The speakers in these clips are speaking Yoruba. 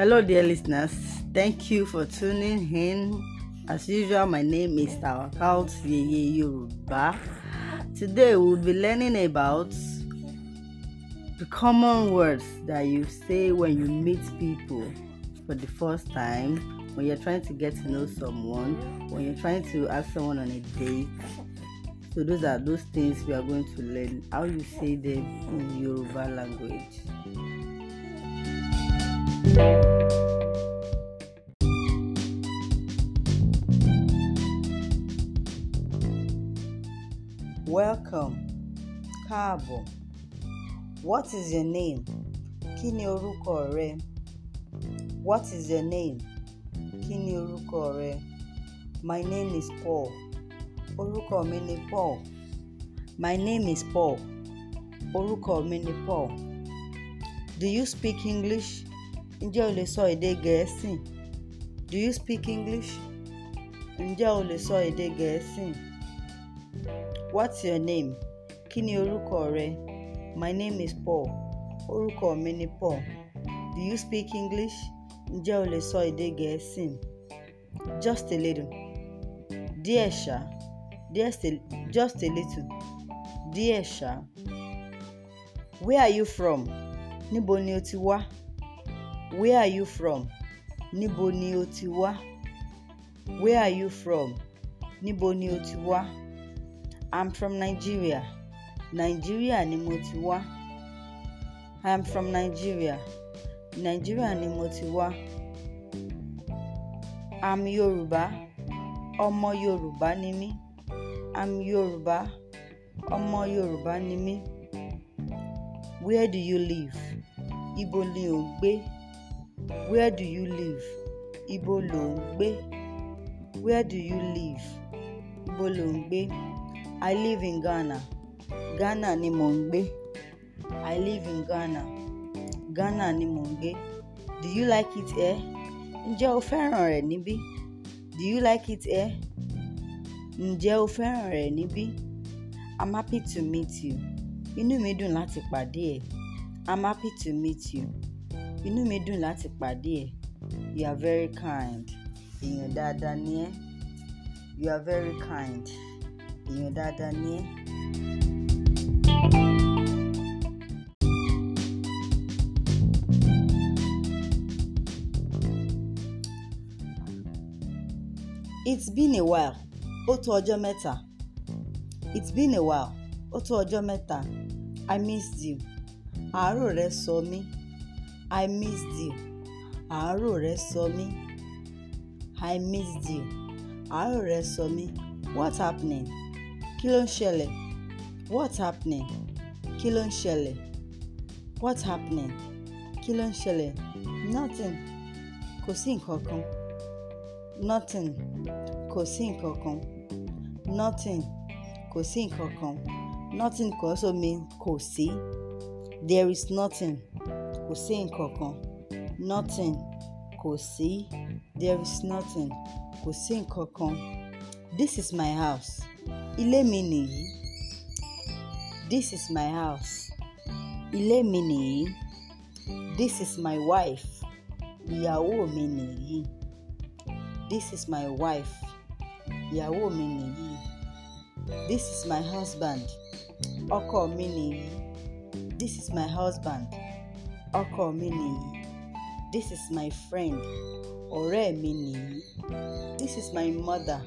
Hello, dear listeners. Thank you for tuning in. As usual, my name is Tawakal Yeye Yoruba. Today, we'll be learning about the common words that you say when you meet people for the first time, when you're trying to get to know someone, when you're trying to ask someone on a date. So, those are those things we are going to learn how you say them in Yoruba language. Welcome. Káàbọ̀. What is your name? Kí ni orúkọ What is your name? Kí ni orúkọ My name is Paul. Oruko mi ni Paul. My name is Paul. Oruko mi ni Paul. Do you speak English? Ǹjẹ́ o lè sọ èdè Gẹ̀ẹ́sì? Do you speak English? Ǹjẹ́ o lè sọ èdè Gẹ̀ẹ́sì? What's your name? Kí ni orúkọ rẹ? My name is Paul. Orúkọ mi ni Paul. Do you speak English? Ǹjẹ́ o lè sọ èdè Gẹ̀ẹ́sì? Just a little. Díẹ̀ ṣá. Just a little. Díẹ̀ ṣá. Where are you from? Níbo ni o ti wá? Where are you from? Níbo ni o ti wá? Where are you from? Níbo ni o ti wá? I'm from Nigeria. Nigeria ni mo ti wá. I'm from Nigeria. Nigeria ni mo ti wá. I'm Yorùbá. Ọmọ Yorùbá ni mí. I'm Yorùbá. Ọmọ Yorùbá ni mí. Where do you live? Ibo ni ò gbé? Where do you live? Ibo lò ń gbé? Where do you live? Ibo lò ń gbé? I live in Ghana. Ghana ni mò ń gbé. I live in Ghana. Ghana ni mò ń gbé. Do you like it here? Ǹjẹ́ o fẹ́ràn rẹ̀ níbí? Do you like it here? Ǹjẹ́ o fẹ́ràn rẹ̀ níbí? I'm happy to meet you. Inú mi dùn láti pàdé ẹ. I'm happy to meet you inú mi dùn láti pàdé ẹ you are very kind èèyàn dáadáa ni ẹ́ you are very kind èèyàn dáadáa ni ẹ́. it's been a while ó tó ọjọ́ mẹ́ta it's been a while ó tó ọjọ́ mẹ́ta i missed you àárò rẹ sọ mí. So I missed you àárò rẹ sọ mí I missed you àárò rẹ sọ mí what happening kí ló ń ṣẹlẹ̀ what happening kí ló ń ṣẹlẹ̀ what happening kí ló ń ṣẹlẹ̀ nothing kò sí nǹkan kan nothing kò sí nǹkan kan nothing kò sí nǹkan kan nothing kò sọ mi kò sí there is nothing kò sí nǹkan nothing kò sí there is nothing kò sí nǹkan this is my house ilé mi nìyí this is my house ilé mi nìyí this is my wife ìyàwó mi nìyí this is my wife ìyàwó mi nìyí this is my husband ọkọ mi nìyí this is my husband ọkọ mi nìyí this is my friend ọ̀rẹ́ mi nìyí this is my mother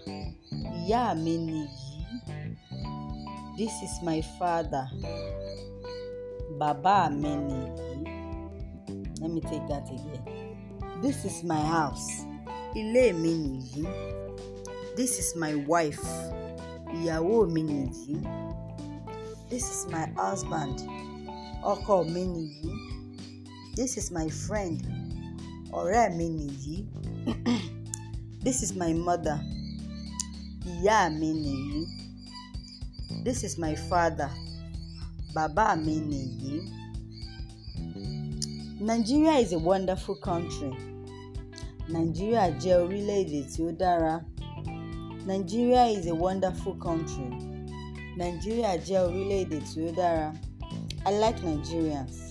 ìyá mi nìyí this is my father bàbá mi nìyí let me take that again this is my house ilé mi nìyí this is my wife ìyàwó mi nìyí this is my husband ọkọ mi nìyí this is my friend ọ̀rẹ́ mi nìyí this is my mother ìyá mi nìyí this is my father bàbá mi nìyí. Nigeria is a wonderful country. Nigeria jẹ́ orílẹ̀-èdè tí ó dára. Nigeria is a wonderful country. Nigeria jẹ́ orílẹ̀-èdè tí ó dára. I like Nigerians.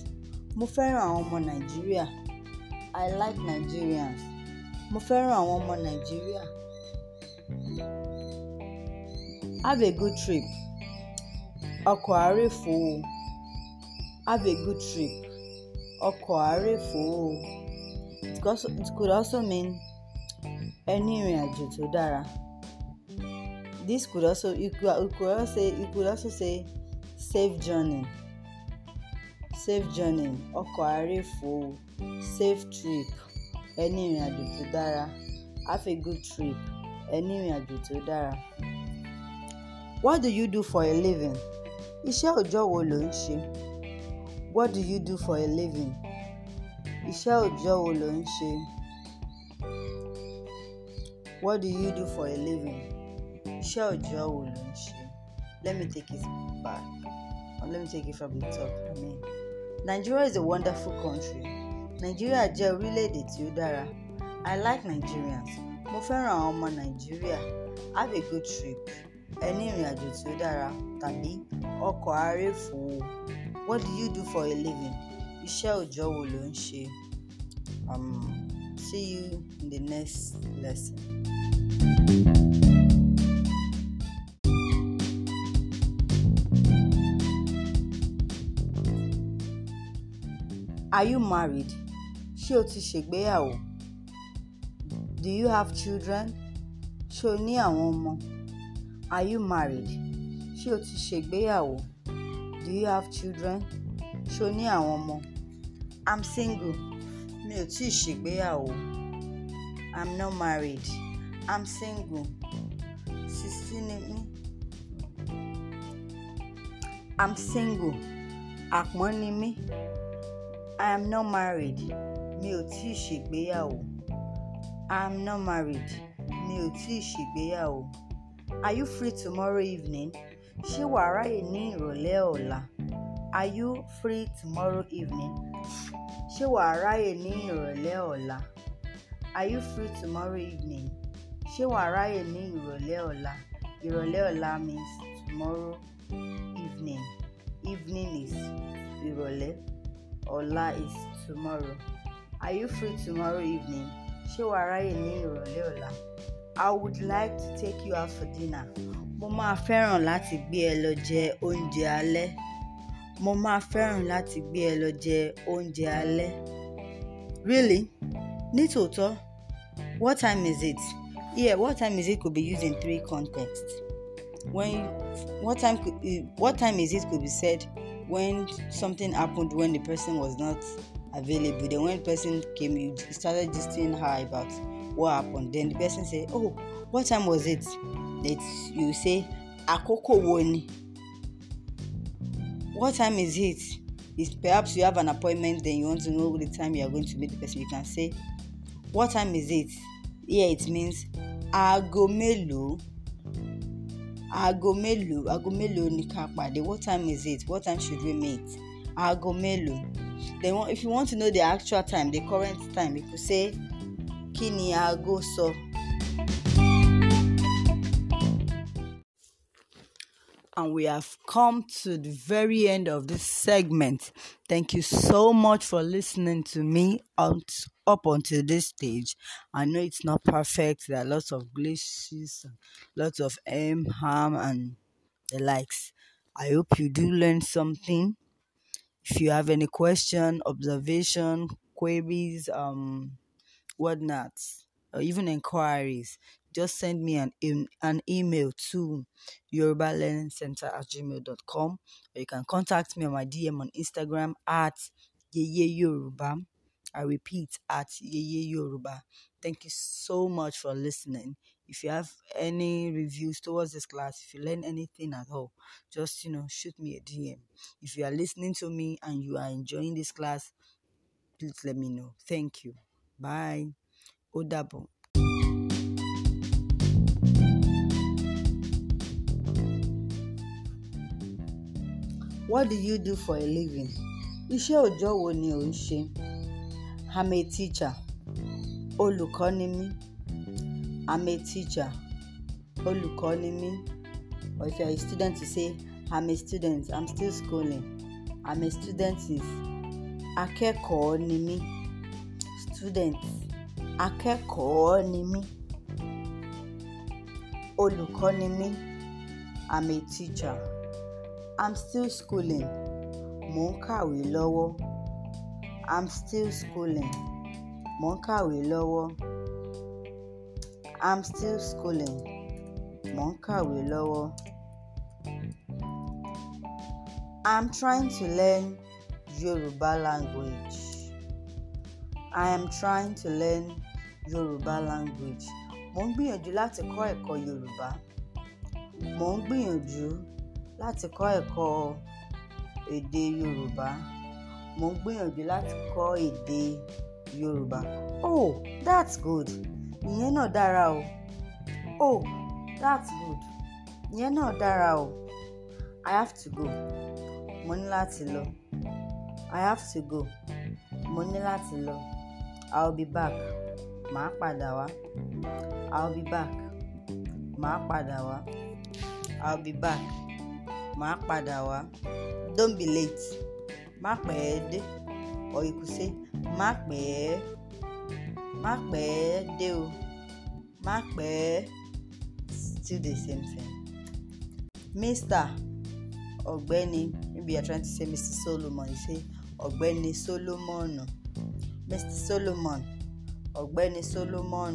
Mo fẹ́ràn àwọn ọmọ Nàìjíríà. I like Nigerians. Mo fẹ́ràn àwọn ọmọ Nàìjíríà. Have a good trip. Ọkọ̀ àárẹ̀fọ́ o. Have a good trip. Ọkọ̀ àárẹ̀fọ́ o. It could also mean ẹni ìrìn àjò tó dára. This could also you could, also say you could also say safe journey. safe journey ọkọ̀ àárẹ̀fọ́ safe trip ẹni ìrìn àjò tó dára have a good trip ẹni ìrìn àjò tó dára. what do you do for a living? iṣẹ́ òòjọ́ wo lò ń ṣe? what do you do for a living? iṣẹ́ òòjọ́ wo lò ń ṣe? what do you do for a living? iṣẹ́ òòjọ́ wo lò ń ṣe? let me take it back or let me take it from the top. I mean. Nigeria is a wonderful country. Nigeria jẹ́ orílẹ̀-èdè tí ó dára. I like Nigerians. Mo fẹ́ràn àwọn ọmọ Nàìjíríà. Have a good trip. Ẹ ní ìrìn àjò tí ó dára tàbí ọkọ̀ arẹ́fòó. What do you do for a living? Iṣẹ́ òòjọ́ wo lò ń ṣe? Um, see you in the next lesson. Are you married? Ṣé o ti ṣègbéyàwó? Do you have children? Ṣé o ní àwọn ọmọ? Are you married? Ṣé o ti ṣègbéyàwó? Do you have children? Ṣé o ní àwọn ọmọ? I'm single. Mi ò tíì ṣègbéyàwó. I'm not married. I'm single. Sixteen ni mí. I'm single. Àpọ́n ni mí. I am not married. Mi ò tíì ṣègbéyàwó. I am not married. Mi ò tíì ṣègbéyàwó. Are you free tomorrow evening? Ṣé wàá ráyè ní ìrọ̀lẹ́ ọ̀la? Are you free tomorrow evening? Ṣé wàá ráyè ní ìrọ̀lẹ́ ọ̀la? Are you free tomorrow evening? Ṣé wàá ráyè ní ìrọ̀lẹ́ ọ̀la? Ìrọ̀lẹ́ ọ̀la means tomorrow evening. Evening is ìrọ̀lẹ́. Ọ̀la is tomorrow. Are you free tomorrow evening? Ṣé wàá ráyè ní ìrọ̀lẹ́ ọ̀la? I would like to take you out for dinner. Mo máa fẹ́ràn láti gbé ẹ lọ jẹ oúnjẹ alẹ́. Mo máa fẹ́ràn láti gbé ẹ lọ jẹ oúnjẹ alẹ́. Really? Nítòótọ́, what time is it? Yeah, what time is it could be used in three contexts. When what time could, what time is it could be said when something happened when the person was not available then when the person came you started gisting her about what happened then the person say oh what time was it that you say akoko wo what time is it is perhaps you have an appointment then you want to know the time you are going to meet the person you can say what time is it here yeah, it means aago aago mélòó aago mélòó ni ká pàdé what time is it what time should we meet aago mélòó then if you want to know the actual time the current time you could say kí ni aago sọ. So? and we have come to the very end of this segment. Thank you so much for listening to me up until this stage. I know it's not perfect. There are lots of glitches, lots of aim, harm, and the likes. I hope you do learn something. If you have any question, observation, queries, um, whatnot, or even inquiries, just send me an, an email to Yoruba Learning Center at gmail.com or you can contact me on my DM on Instagram at Yeye Yoruba. I repeat, at Yeye Yoruba. Thank you so much for listening. If you have any reviews towards this class, if you learn anything at all, just you know, shoot me a DM. If you are listening to me and you are enjoying this class, please let me know. Thank you. Bye. Ó dàbọ̀. What do you do for a living? Iṣẹ́ òjọ́ wo ni ò ń ṣe? I'm a teacher. Olùkọ́ ni mí. I'm a teacher. Olùkọ́ ni mí. Or if you're a student, you say, I'm a student. I'm still schooling. I'm a student. Akẹ́kọ̀ọ́ ni mí. Student. Akẹ́kọ̀ọ́ ni mí. Olùkọ́ ni mí. I'm a teacher. I'm still schooling. Mo ń kàwé lọ́wọ́. I'm still schooling. Mo ń kàwé lọ́wọ́. I'm still schooling. Mo ń kàwé lọ́wọ́. I'm trying to learn Yoruba language. I am trying to learn Yoruba language. Mo ń gbìyànjú láti kọ́ ẹ̀kọ́ Yorùbá. Mo ń gbìyànjú láti kọ́ ẹ̀kọ́ èdè Yorùbá. Mo ń gbìyànjú láti kọ́ èdè Yorùbá. Oh, that's good. Ìyẹn náà dára o. Oh, that's good. Ìyẹn náà dára o. I have to go. Mo ní láti lọ. I have to go. Mo ní láti lọ. I'll be back. Màá padà wá. I'll be back. Màá padà wá. I'll be back màá padà wá don't be late má pẹ́ dé or you could say má pẹ́ má pẹ́ dé o má pẹ́ still the same thing mr ọ̀gbẹ́ni maybe you are trying to say mr solomon you say ọ̀gbẹ́ni solomon mr solomon ọ̀gbẹ́ni solomon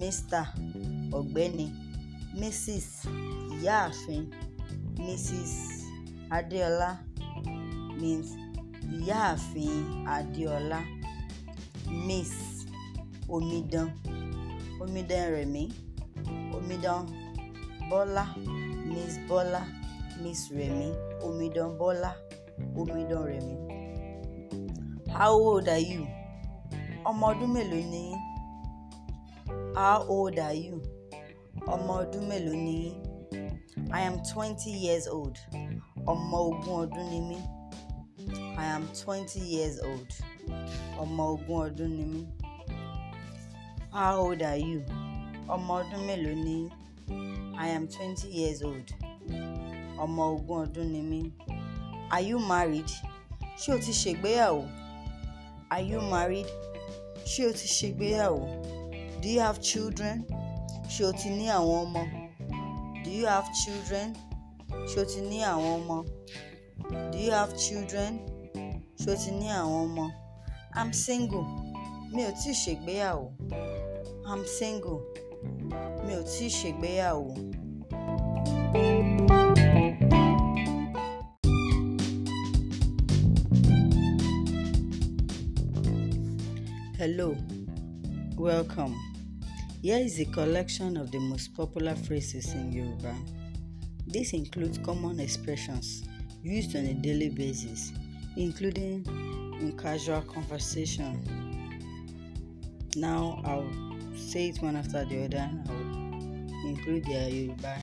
mr ọ̀gbẹ́ni mrs ìyáàfin. Yeah, Mrs. Adeola means Ìyáàfin Adeola. Miss Omidan Omidan Remi Omidan Bola Miss Bola Miss Remi Omidan Bola Omidan Remi. How old are you? Ọmọ ọdún mélòó ni How old are you? Ọmọ ọdún mélòó ni I am 20 years old. Ọmọ ogún ọdún ni mí. I am 20 years old. Ọmọ ogún ọdún ni mí. How old are you? Ọmọ ọdún mélòó ni? I am 20 years old. Ọmọ ogún ọdún ni mí. Are you married? Ṣé o ti ṣègbéyàwó? Are you married? Ṣé o ti ṣègbéyàwó? Do you have children? Ṣé o ti ní àwọn ọmọ? Do you have children? Ṣé o ti ní àwọn ọmọ? Do you have children? Ṣé o ti ní àwọn ọmọ? I'm single. Mi ò tíì ṣègbéyàwó. I'm single. Mi ò tíì ṣègbéyàwó. Hello. Welcome. Here is a collection of the most popular phrases in Yoruba. This includes common expressions used on a daily basis, including in casual conversation. Now I'll say it one after the other and I'll include their Yoruba